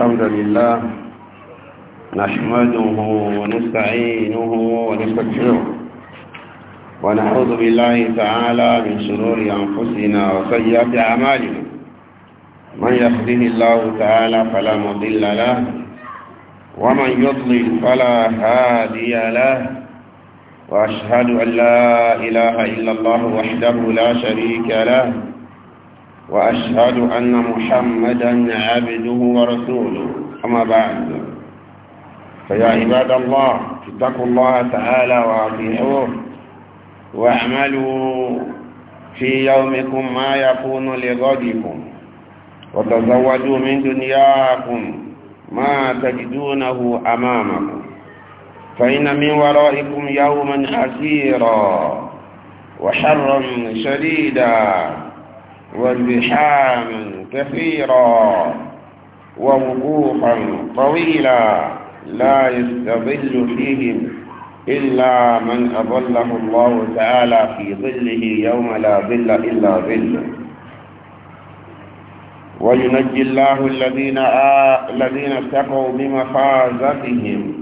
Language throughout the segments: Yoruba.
الحمد لله نحمده ونستعينه ونستغفره ونعوذ بالله تعالى من شرور أنفسنا وسيئات أعمالنا من يهده الله تعالى فلا مضل له ومن يضلل فلا هادي له وأشهد أن لا إله إلا الله وحده لا شريك له وأشهد أن محمدا عبده ورسوله أما بعد فيا عباد الله اتقوا الله تعالى وأطيعوه واعملوا في يومكم ما يكون لغدكم وتزودوا من دنياكم ما تجدونه أمامكم فإن من ورائكم يوما عسيرا وحرا شديدا وازدحاما كثيرا ووقوفا طويلا لا يستظل فيهم إلا من أظله الله تعالى في ظله يوم لا ظل إلا ظله وينجي الله الذين آه الذين اتقوا بمفازتهم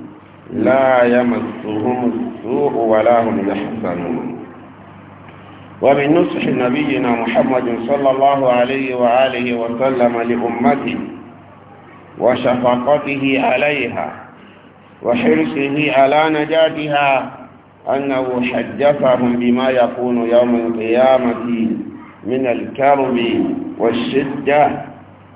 لا يمسهم السوء ولا هم يحزنون ومن نصح نبينا محمد صلى الله عليه وآله وسلم لأمته وشفقته عليها وحرصه على نجاتها أنه حدثهم بما يكون يوم القيامة من الكرب والشدة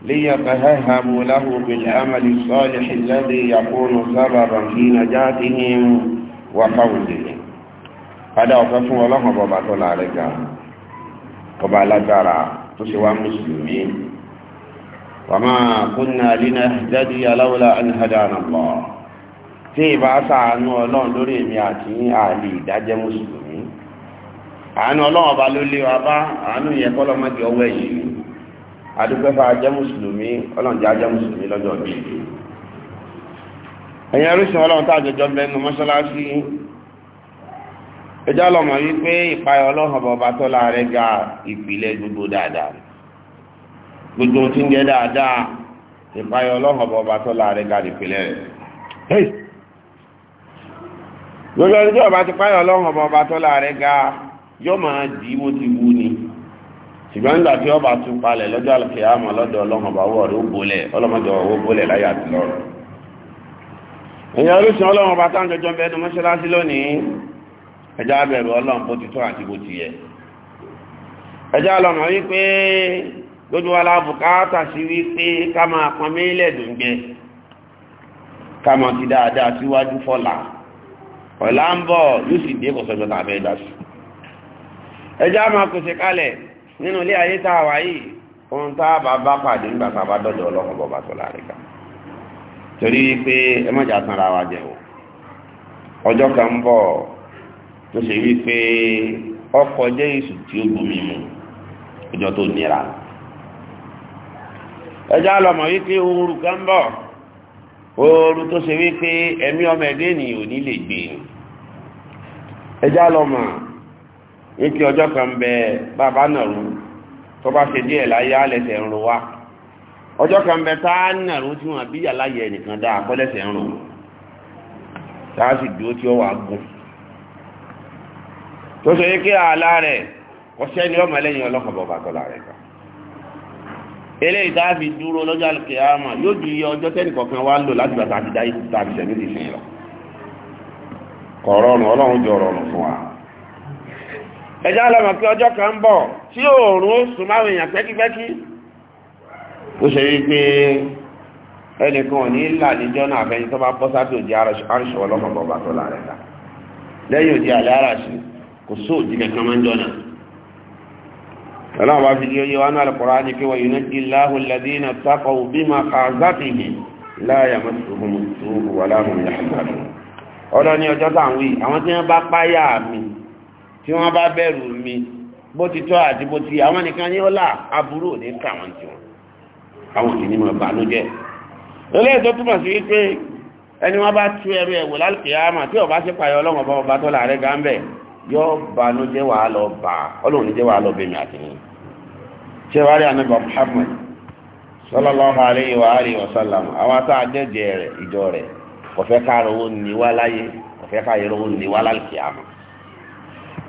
ليتههموا له بالعمل الصالح الذي يكون سببا في نجاتهم وفوزهم padà ọ̀fẹ́ fún ọlọ́kàn bọ̀bà tó láàrẹ ga ọba alágbára tó ṣe wá mùsùlùmí wa ma kunna linahtadiya lawla an hadana Allah tí ìbá sàánú ọlọ́run lórí èmi àti ní àlè ìdájẹ́ mùsùlùmí àánú ọlọ́run ọba ló lé wa bá àánú yẹn kọ́lọ́ má di ọwọ́ ẹ̀yìn adúgbẹ́fà jẹ́ mùsùlùmí ọlọ́run jẹ́ ajẹ́ mùsùlùmí lọ́jọ́ bíi ẹ̀yìn arúsùn ọlọ́run tá àjọjọ́ bẹ́ẹ̀ mọ́ṣáláṣí ẹjọ́ lọ́mọ wípé ìpayọ̀ ọlọ́run ọba tó láàrẹ ga ìpìlẹ̀ gbogbo dáadáa gbogbo tí ń jẹ́ dáadáa ìpayọ̀ ọlọ́run ọba tó láàrẹ ga ìpìlẹ̀ rẹ̀ gbogbo ọba ti páyọ̀ ọlọ́run ọba tó láàrẹ ga yóò máa di ti wú ni ṣùgbọ́n nígbà ọba tún palẹ̀ lọ́jọ́ lọ́dọ̀ ọlọ́run ọba wọ̀ ó bolẹ̀ ọlọ́mọdé ẹjọ́ abẹ̀rù ọlọ́run bó ti tọ́ àti bó ti yẹ ẹjọ́ ọlọ́mọ wípé lójú wa la sí wípé ká máa pọn mílẹ̀ dùngbẹ ká máa ti dáadáa síwájú fọ́la ọ̀la ń bọ̀ yóò sì dé kọ̀sọ̀jọ́ tàbí ẹ̀dá sí ẹjọ́ a máa kalẹ̀ nínú ilé ayé tá a wà yìí ohun tá a ọjọ́ kan tó ṣe wípé ọkọ̀ jẹ́ èṣù tí ó gbomi mu ọjọ́ tó nira ẹjá lọmọ wípé ooru kan bọ̀ ooru tó ṣe wípé ẹ̀mí ọmọ ẹ̀dẹ́ ènìyàn ò ní lè gbé ẹjá lọmọ wípé ọjọ́ kan bẹ bàbá nàró tó bá ṣe díẹ̀ láyé alẹ́sẹ̀ ń ro wá ọjọ́ kan bẹ tá a nàró tí wọn àbíyà láyé ẹnìkan dáa kọ́lẹ́sẹ̀ ń ro tá a sì dúró tí ó wà gùn tó sọ yẹ kí àlá rẹ̀ ọṣẹ́ ni ọmọ ẹlẹ́yìn ọlọ́kọ̀ọ́bọ̀ bàtọ́ la rẹ̀ kan eléyìí tá a fi dúró lọ́jọ́ àlùkìyámà yóò ju iye ọjọ́ tẹ́nìkọ̀ọ̀kan wá lò láti gbà tá a fi dá ìsìn tá a fi sẹ́ni lè sìn lọ kọ̀ rọrùn ọlọ́run jọ rọrùn fún wa ẹjá lọ́mọ̀ pé ọjọ́ kan ń bọ̀ tí oòrùn ó máa wèèyàn pẹ́kípẹ́kí ó ṣe rí pé ẹnìkan ò ní ìlà níjọ́ náà fẹ́yìn tó bá bọ́ sábẹ́ òjì arṣọ ọlọ́mọ bọ̀bà tó láàrẹ̀ lẹ́yìn òjì àlẹ́ arṣọ kò sóòjì kankan máa ń jọ náà ọlọ́run bá fi di oyé wa ní Al-Qur'ani ni pé wọ́n yìí ní Allahu alladhina taqaw bí máa kà zátìhì la yamassuhum as-su'u wa la hum yahzanun ọlọ́run ní ọjọ́ táwọn yìí àwọn tí wọ́n bá páyà mi ká wọn ní mọ̀ bànújẹ́ tó túmọ̀ ẹni wọ́n bá tú ẹrú ẹ̀wò lálùkìyàmà tí ọba ṣe pààyà ọlọ́run ọba ọba tó láàrẹ́ gàmbẹ̀ yóò banújẹ́ wàá lọ bá ọlọ́run ní jẹ́ wàá lọ bẹ̀mí àtìyìn ṣe wá rí anábà Muhammad sallallahu alayhi wa alihi wa sallam àwọn atá àjẹjẹ rẹ̀ ìjọ rẹ̀ kọfẹ́ ká rówó ní wá láyé kọfẹ́ ká yẹ rówó ní wá lálùkìyàmà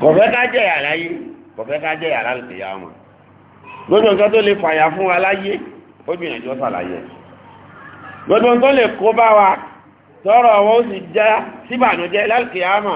kọfẹ́ ká jẹ́ yà láyé kọfẹ́ ká jẹ́ yà lálùkìyàmà lójú nǹkan tó lè fàyà fún wa láyé ó gbìyànjú ó sàlàyé lójú nǹkan tó lè kó bá wa tọrọ wọn ó sì já síbànújẹ́ lálùkìyàmà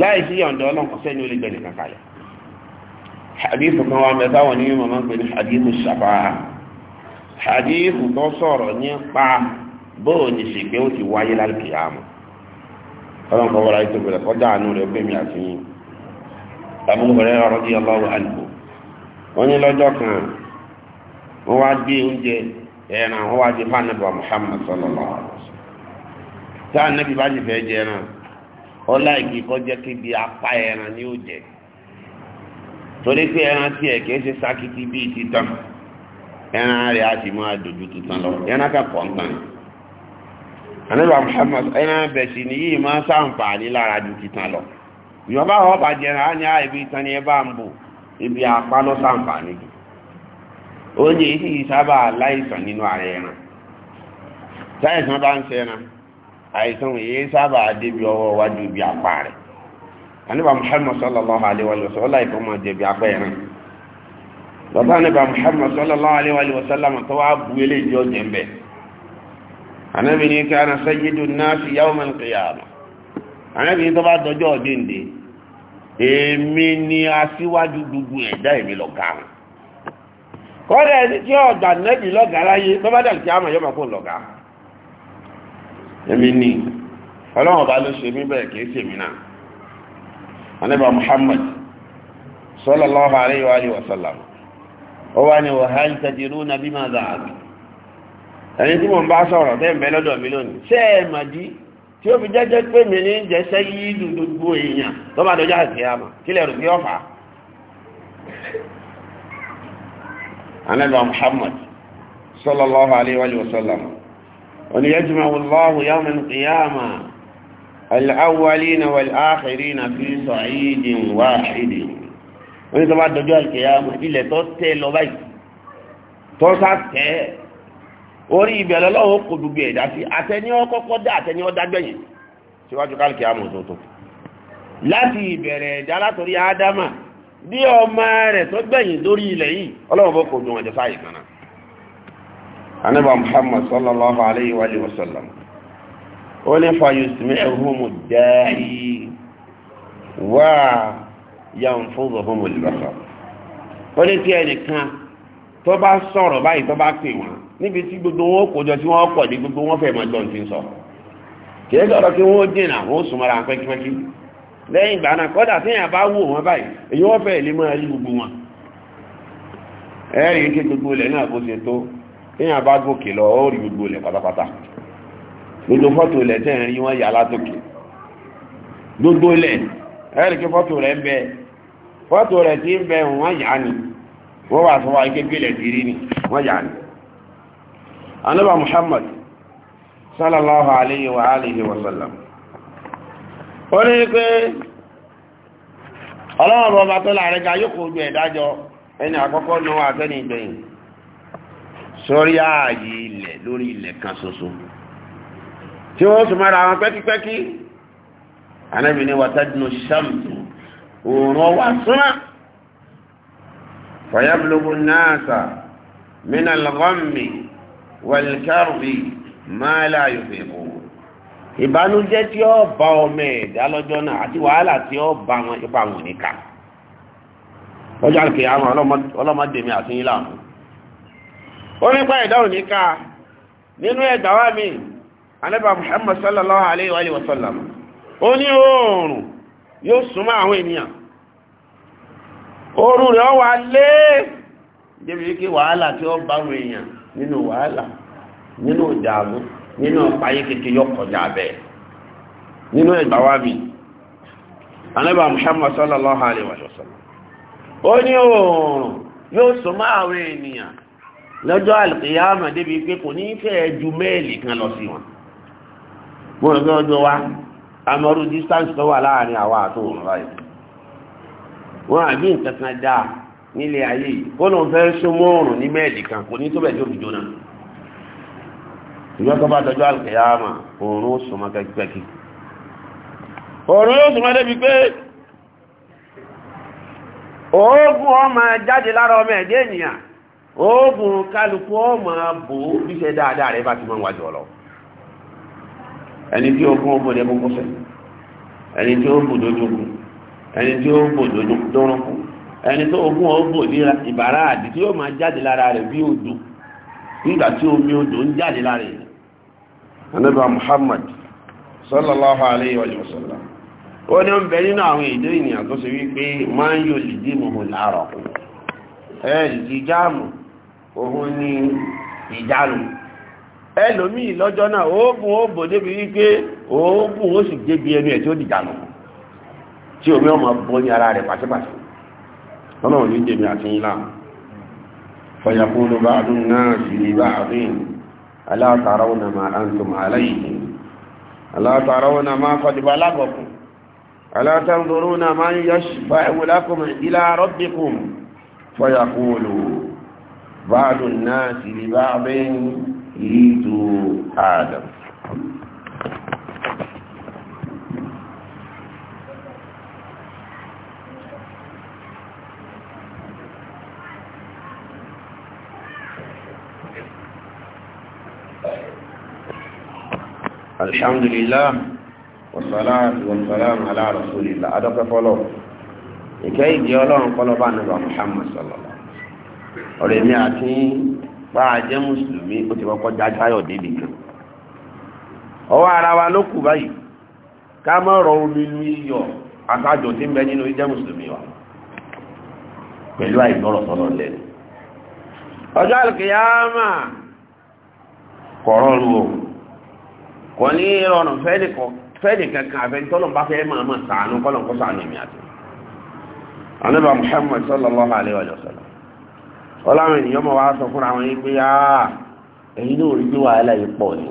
láì sí yọ̀ǹda ọlọ́run kò sẹ́ni ó lè gbẹ̀lẹ̀ kankan hadithu kan wa mẹ́ta wọn ní mọ̀mọ́ pé ní hadithu ṣàfà hadithu tó sọ̀rọ̀ bóò ní ó ti wáyé wọ́n kan wá gbé oúnjẹ ẹran wọ́n wá na nẹ́bí bá fẹ́ ọláìkì kọjá kébi apá ẹran ni ó jẹ torí pé ẹran tí ẹ kìí ṣe sákìtì bíi títàn ẹran rẹ̀ á sì máa dojú tuntun lọ ẹran kakọ nǹkan anábà Muhammad ẹran bẹ̀sì ni yìí máa ń sàǹfààní lára ju títàn lọ ìwọ̀n bá ọba bàjẹ́ ẹran á ní á ah, ibi ni ẹ bá ń bò ibi apá lọ sàǹfààní jù sábà láìsàn nínú ààrẹ ẹran táìsàn bá ń ṣẹran àìsàn èyí sábà débi ọwọ́ wájú ibi apá rẹ̀ aníbà muhammad sallallahu alaihi wa sallam ọlá ìfọ́ máa jẹ̀bi apá ẹ̀rìn lọ́tà aníbà muhammad sallallahu alaihi wa sallam tó wá bu eléjì ọjẹ́ ń bẹ̀ anábì ní kí ana sayyidu nasi yawman qiyamah anábì ní tó bá dọjọ́ ọ̀dẹ́ǹde èmi ni aṣíwájú gbogbo ẹ̀dá èmi lọ́gá wọn kọ́dà tí ọ̀gbà nẹ́bì lọ́gá láyé tó bá dàgbà kí á mọ̀ yọ́ èmi ni ọlọ́run bá ló ṣe mí bẹ́ẹ̀ kìí ṣe mí náà anẹ́bà Muhammad sallallahu alayhi wa sallam ó wá ní wàhálì tajiruna bima za'abi ẹni tí mo ń bá sọ̀rọ̀ tẹ́ ń bẹ lọ́dọ̀ mi lónìí ṣé ẹ mà dí anẹ́bà Muhammad sallallahu alayhi wa وليجمع الله يوم القيامة الأولين والآخرين في صعيد واحد wọ́n tó bá dọjọ́ ìkẹyàmọ̀ ilẹ̀ tó tẹ́ lọ báyìí tó sàtẹ́ orí ibẹ̀ kò dùgbò sí àtẹni dá àtẹni ọdágbẹ̀yìn síwájú kálìkẹyàmọ̀ tótó láti ìbẹ̀rẹ̀ ẹ̀dá látòrí ádámà bí ọmọ rẹ̀ tó gbẹ̀yìn lórí ilẹ̀ yìí ọlọ́wọ́ kò dùn anábà muhammad sallallahu alayhi wa alihi wa sallam ó ní fayusmi'uhumu da'i wa yanfudhuhumu al-basar ó ní tí ẹnìkan tó bá sọ̀rọ̀ báyìí tó bá pè wọ́n níbi tí gbogbo wọn kójọ tí wọ́n pọ̀ ní gbogbo wọn fẹ́ mọ́ jọ ti ń sọ kìí sọ̀rọ̀ kí wọ́n dènà wọ́n súnmọ́ra pẹ́kípẹ́kí lẹ́yìn ìgbà náà kọ́dà tí èèyàn bá wọ́n báyìí èyí wọ́n fẹ́ lè máa gbogbo wọn ẹ̀rí kí gbogbo ilẹ̀ náà bó ṣe tó kéèyàn bá gòkè lọ ó rí gbogbo ilẹ̀ pátápátá gbogbo fọ́tò ilẹ̀ tẹ́ wọ́n yà látòkè gbogbo ilẹ̀ fọ́tò rẹ̀ ń bẹ fọ́tò rẹ̀ tí ń bẹ wọ́n yà ní wọ́n wà ni wọ́n yà Muhammad sallallahu alayhi wa alihi wa sallam ó ní pé bọ́ bá tó láàrin yóò kó ẹ̀dájọ́ ẹni àkọ́kọ́ sórí ààyè ilẹ̀ lórí ilẹ̀ kan ṣoṣo tí wọ́n sùn mọ́ra àwọn pẹ́kípẹ́kí anábì ní wàtádínú sàmùtù òòrùn ọwà súnmọ́ fàyàbùlógún náàsà mínà lọ́gọ́mì wàlìkárùbì máa láàyò fèèkó ìbànújẹ́ tí ó bá ọmọ ẹ̀dá lọ́jọ́ náà àti wàhálà tí ó bá wọn ipa wọn níka lọ́jọ́ àkèyà ọlọ́mọdé mi àti yín ó nípa ẹ̀dá òní ká nínú ẹ̀dá wà mí anábà Muhammad sallallahu alayhi wa sallam ó ní oòrùn yóò súnmọ́ àwọn ènìyàn oòrùn rẹ̀ wà lé débi wípé wàhálà tí ó bá àwọn èèyàn nínú wàhálà nínú ìdààmú nínú ọ̀páyé kékeré yóò kọjá bẹ́ẹ̀ nínú ẹ̀dá wà mí anábà Muhammad sallallahu alayhi wa sallam ó ní oòrùn yóò súnmọ́ àwọn ènìyàn lọ́jọ́ àlùkìyàmọ̀ débi pé kò ní fẹ́ ju mẹ́ẹ̀lì kan lọ sí wọn mo ọjọ́ wa amọ̀rú distance tó wà láàrin àwa àtòun ráyè wọn àbí nǹkan dáa nílé ayé yìí fẹ́ súnmọ́ ní mẹ́ẹ̀lì kan kò ní tó tó ọmọ jáde lára ọmọ oògùn kálukú ọmọ àbò bu dáadáa rẹ̀ bá ti mọ́ wájú ọlọ ẹni tí ó gún ọgbọ̀n ẹgbọ́n kọfẹ́ ẹni tí ó bò dójúkù ẹni tí ó bò dórúkù ẹni tó gún ọgbọ̀n ní ìbára àdì tí ó máa jáde lára rẹ̀ bí odò nígbà tí omi odò ń jáde lára anábà Muhammad sallallahu alayhi wa sallam ó ní ó bẹ nínú àwọn èdè ènìyàn tó ṣe wípé máa ń yọ lìdí mọ̀mọ́ láàárọ̀ jáàmù òun ni ìjánu ẹlòmíì lọ́jọ́ náà o bu débi wípé oògùn ó sì débi ẹnu ẹ̀ tí ó dìjánu tí omi ọmọ bọ́ ní ara rẹ̀ pàṣípàṣí ọlọ́run ní jẹ́mi àti ńlá fọyàkúlù bá dùn náà sí ibà àfihàn alátàráwọ̀ náà máa ń máa láyìí alátàráwọ̀ náà máa kọjúbà lágọ̀kùn alátàráwọ̀ máa ń ṣùgbọ́n ẹ̀wọ̀ lákùnrin ilá rọ́bìkùn بعض الناس لبعض يريد آدم الحمد لله والصلاة والسلام على رسول الله أدوك فلو إكاي ديالون قلوبان نبا محمد صلى الله ọ̀rẹ́ mi àti bá jẹ́ mùsùlùmí ó ti kọ́kọ́ já táyọ̀ débi kan ọwọ́ ara wa ló kù báyìí ká mọ́ rọ omi lu iyọ̀ àtàjọ tí ń bẹ nínú ìjẹ́ mùsùlùmí wa pẹ̀lú àìgbọ́rọ̀ sọ́lọ́ lẹ́nu ọjọ́ àlùkìyàmà kọ̀rọ̀ lu o kò ní ìrọ̀rùn kankan bá fẹ́ máa máa sàánú kọ́lọ̀ àti Muhammad sallallahu wa sallam ọláwọn ènìyàn mọ̀ wá sọ fúnra wọn yìí pé áà èyí ló rí bí wàhálà yìí pọ̀ ni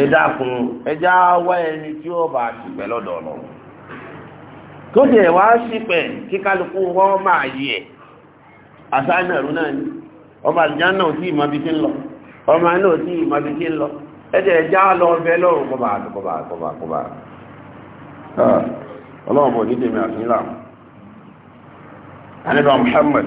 ẹ dákun ẹjá wá ẹni tí ó bá ṣìpẹ̀ lọ́dọ̀ ọlọ́run tó ṣe wá ṣìpẹ̀ kí kálukú wọ́n máa yí ẹ̀ àṣáájú ẹ̀rú náà ni ọmọ àdìjá náà tí ìmọ̀ bí ti ń lọ ọmọ náà tí ìmọ̀ bí ti ń lọ ẹjẹ ẹjá lọ ọbẹ̀ lọ́rùn kọba kọba kọba kọba ah, ọlọ́run bọ̀ ní tèmi àníbà Muhammad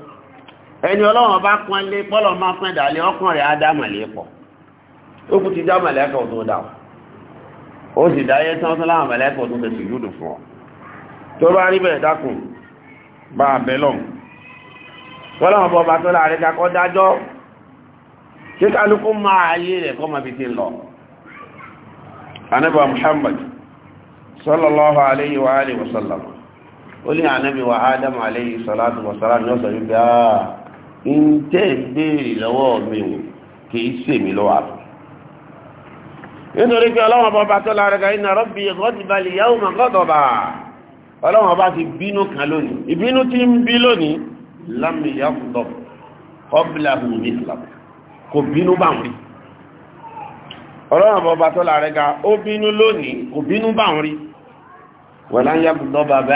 ẹni ọlọ́run bá pọn lé pọ́lọ̀ máa pẹ́ dàlẹ́ ọkàn rẹ̀ á dámà lé pọ̀ ó kú ti dámà lẹ́kọ̀ọ́ tó dà ó sì dáyé tán tó láwọn mẹ́lẹ́kọ̀ọ́ tó fẹsẹ̀ yúdù fún ọ tó bá rí bẹ̀rẹ̀ dákùn bá bẹ́ lọ́n pọ́lọ́run bọ́ bá tó láàrin kakọ́ dájọ́ kí kálukú máa ayé rẹ̀ kọ́ máa fi ti lọ anábà Muhammad ntẹ́ ìbéèrè lọ́wọ́ mi ni kì í sèmi lọ́wọ́ àfi. nítorí pé ọlọ́wọ́n bá bàtọ́ lára ga iná rọ́bì gọ́dìbalì yàwó mà gọ́dọ̀bà ọlọ́wọ́n bá ti bínú kan lónìí ìbínú ti ń bí lónìí lámìyà fúdọ̀ kọ́bìlà hù ní ìsìlámù kò bínú bá wọn rí ọlọ́wọ́n bá bàtọ́ lára ga ó bínú lónìí kò bínú bá wọn rí wọ́n láyà fúdọ̀ bàbá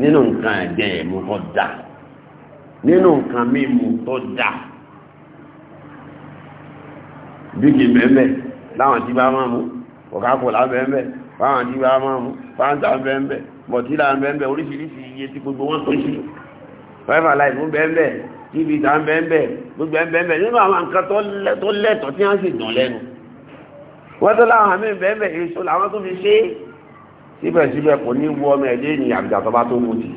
nínú nǹkan ẹ̀jẹ̀ ẹ̀mú tó dà nínú nǹkan mímu tó dà bíkì bẹ́ẹ̀ láwọn tí bá máa mú Coca-Cola bẹ́ẹ̀ fáwọn tí bá máa mú Fanta bẹ́ẹ̀ bọ̀tílà bẹ́ẹ̀ oríṣiríṣi iye tí gbogbo wọn tó sí five alive ń bẹ́ẹ̀ tv ta ń bẹ́ẹ̀ gbogbo ẹ̀ bẹ́ẹ̀ nínú àwọn nǹkan tó lẹ́tọ̀ọ́ tí wọ́n sì dùn lẹ́nu wọ́n tó láwọn àmì bẹ́ẹ̀ èso làwọn tó fi ṣe é síbẹ̀síbẹ̀ kò ní wú ọmọ ẹ̀dẹ́ ènìyàn àbìjà tó bá tó mú ti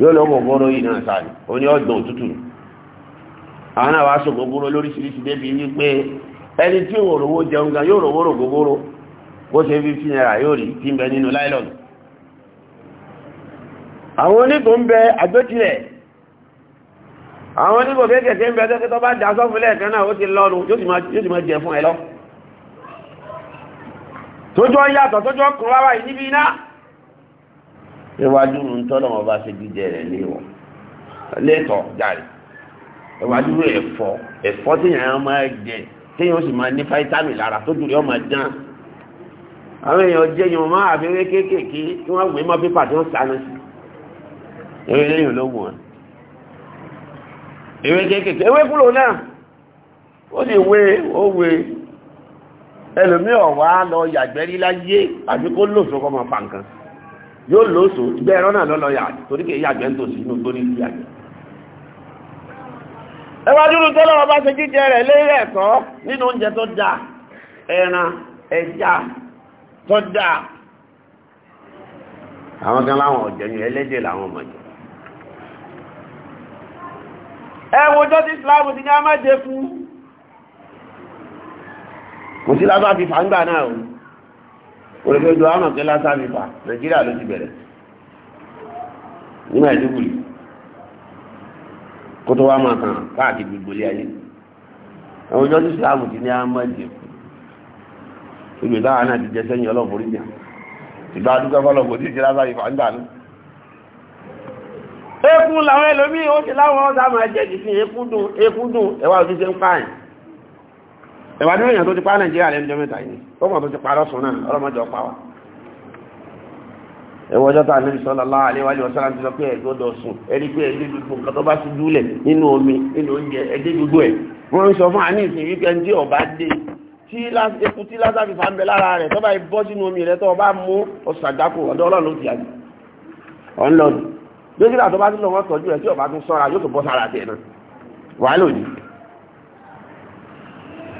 yóò lọ gbogbo yìí náà sáré ó ní ọgbọ̀n òtútù àwọn náà wá sọ gbogbo lóríṣiríṣi débi wípé ẹni tí ò rówó jẹun gan yóò rówó rògbògbòrò bó ṣe fi fi náírà yóò rí tí ń bẹ nínú láìlọ́nù àwọn onígbò ń bẹ àgbétilẹ̀ àwọn onígbò kéékèèké ń bẹ tẹ́kẹ́tọ́ bá dá sọ́fúnlẹ̀ kan náà ó ti lọ́nu yóò ti tójọ́ yàtọ̀ tójọ́ kùn rárá yìí níbi iná ìwájú ń tọ́lọ̀ wọn bá ṣe jíjẹ rẹ̀ léwọ̀ lẹ́tọ̀ jàre ìwájú ẹ̀fọ́ ẹ̀fọ́ téèyàn máa jẹ téèyàn sì máa ní fáítámì lára tójú rẹ̀ máa dán àwọn èèyàn jẹ́ yìí wọ́n máa àfẹ́rẹ́ kéékèèké tí wọ́n gbé mọ́ pépà tí wọ́n sáná sí ewé lẹ́yìn ológun wọn ewé kéékèèké ewé kúrò náà ó sì wé ó wé ẹlòmí ọ̀wá lọ yàgbẹ́rí láyé àti kó lóso kọ́ pa nǹkan yóò lóso ìgbẹ́ náà lọ́lọ́ yà torí kì yàgbẹ́ ń tòsí inú tó ní ìdí yàgbẹ́. ẹwà tó lọ́wọ́ bá ṣe jíjẹ rẹ̀ lérè ẹ̀kọ́ nínú oúnjẹ tó dáa ẹran ẹja tó dáa. àwọn kan láwọn ọ̀jẹ̀ ni ẹlẹ́dẹ̀ làwọn ọmọ jẹ. ẹ̀wọ̀n ti Islam ti kò sí lásán fífa ńgbà náà o olùfẹ́ ìjọba àmọ̀ pé lásán fífa nàìjíríà ló ti bẹ̀rẹ̀ ní Maiduguri kó tó wá máa tàn káàkiri gbogbo ilé ayé àwọn ọjọ́ tí Islam ti ní amadi olùdáwà náà ti jẹ sẹ́yìn ọlọ́ọ̀bù rí jà ìgbà àdúgbò ọlọ́ọ̀bù tí ìṣẹ́ lásán fífa ńgbà náà ekun làwọn ẹlòmíì ó ti láwọn ọ̀sán máa jẹ jù sí ekúdùn ekúdùn ẹwà òṣìṣẹ́ ń pààyàn ẹ̀wà dúró èèyàn tó ti pa nàìjíríà lẹ́nu jẹ́ mẹ́ta yìí ọmọ tó ti parọ́ sùn náà ọlọ́mọdé ọpa wa ẹwọ́ ọjọ́ tàà níbi sọ́lá láà aléwájú ọ̀sára ti lọ pé ẹ̀gbọ́dọ̀ sùn ẹni pé ẹdí gbogbo nǹkan tó bá ti dúlẹ̀ nínú omi nínú oúnjẹ ẹdí gbogbo ẹ̀ wọ́n ń sọ fún àní ìsìn wíkẹ́ tí ọba dé tí eku tí lásàfi fà ń bẹ lára rẹ̀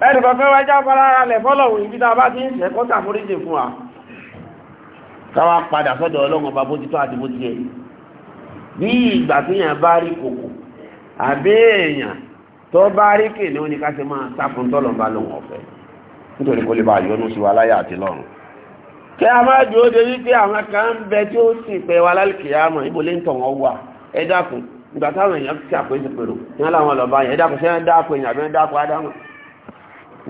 ẹ̀rì bàbá wájá farára lẹ̀ fọ́lọ̀wò ibi tá a bá ti ń ṣẹ̀kọ́ tàforíjì fún wa káwà padà sọ́dọ̀ ọlọ́run ọba bó ti tó àti bó ti yẹ bí ìgbà tí èèyàn bá rí kòkò àbí èèyàn tó bá rí kìnìún ó ní ká ṣe máa sáfún tọ́lọ̀ bá lòun ọ̀fẹ́ nítorí kó lè bá yọnu sí wa láyé àti lọ́run kí a máa jò ó de wípé àwọn kan ń bẹ tí ó sì pẹ́ wa lálùkìyàmọ̀ ibo lè ń tàn wọ́n wà ẹ dákun ìgbà táwọn èèyàn ti àpèsè pèrò ní wọn làwọn lọ bá yẹn ẹ dákun ṣé ń dákun èèyàn àbí ń dákun ádámọ̀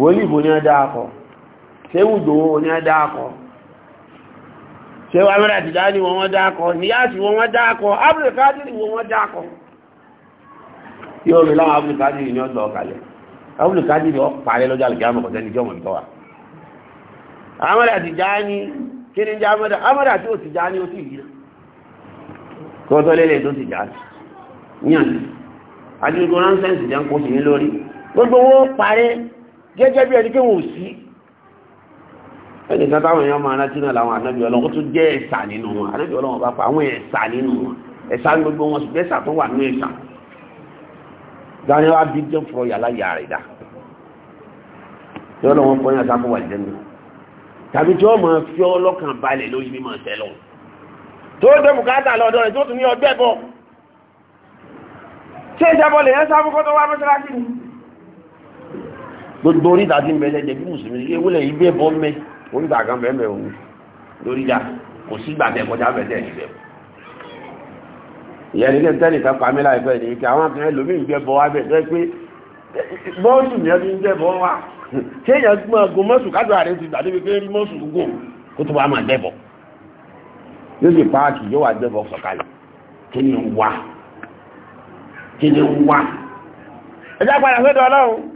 wòlíì bò ní ọdá akọ tẹ́wùdò wọn ní ọdá akọ tẹ́wà mẹ́rẹ̀ àtìdá ní wọn wọ́n dá akọ níyàtì wọn wọ́n dá abúlùkádìrì wọn wọ́n dá akọ yóò rí láwọn abúlùkádìrì ní ọdọ̀ ọ̀kàlẹ̀ abúlùkádìrì ọ parẹ́ lọ́jọ́ àlùkìyàmọ̀ kọ̀tẹ́ ní jọ́mọ̀ nítọ́wà amẹ́rẹ̀ àtìdá ní gbogbo gẹ́gẹ́ bí ẹni pé wọ́n sí ẹnìkan táwọn èèyàn máa rántí náà láwọn ànábì ọlọ́run tó jẹ́ ẹ̀sà nínú wọn ànábì ọlọ́run bá pa àwọn ẹ̀sà nínú wọn ẹ̀sà gbogbo wọn sì bẹ́sà tó wà ní ẹ̀sà dáníwá bí jẹ́ fọ yàrá yà rẹ̀ dá tí ọlọ́run fọyín àtàkùn wà jẹ́ náà tàbí tí wọ́n máa fi ọlọ́kàn balẹ̀ lórí mímọ̀ ṣẹ́ lọ tó dé bùkátà lọ́dọ̀ rẹ̀ tó tún ní ọgbẹ́ bọ̀ ṣé ìjábọ̀ lè yẹn sáfún kó tó wá mọ́ṣáláṣí ni gbogbo oríta ti ń bẹ lẹ́jẹ̀ bí mùsùlùmí ṣe wúlẹ̀ yìí bẹ́ẹ̀ bọ́ mẹ́ oríta kan bẹ́ẹ̀ mẹ́ òun lórí ìjà kò sí ìgbà tẹ kọjá bẹ́ẹ̀ tẹ̀ níbẹ̀. ìyẹn ní kẹ́ńtẹ́ nìkan pa mí láìpẹ́ ní kí àwọn kan ẹlòmíì ń bẹ́ bọ́ wá bẹ̀ tẹ́ pé bọ́ọ̀sù yẹn ti ń bẹ́ bọ́ wá ṣé èèyàn gbọ́n gun mọ́sù kájọ àrẹ ti gbà débi pé rí mọ́sù gùn kó tó wàá máa dẹ́bọ̀ yóò sì páàkì yóò wá dẹ́bọ̀ sọ̀kalẹ̀ kí ni wá kí ni wá ẹjá padà sọ́dọ̀ ọlọ́run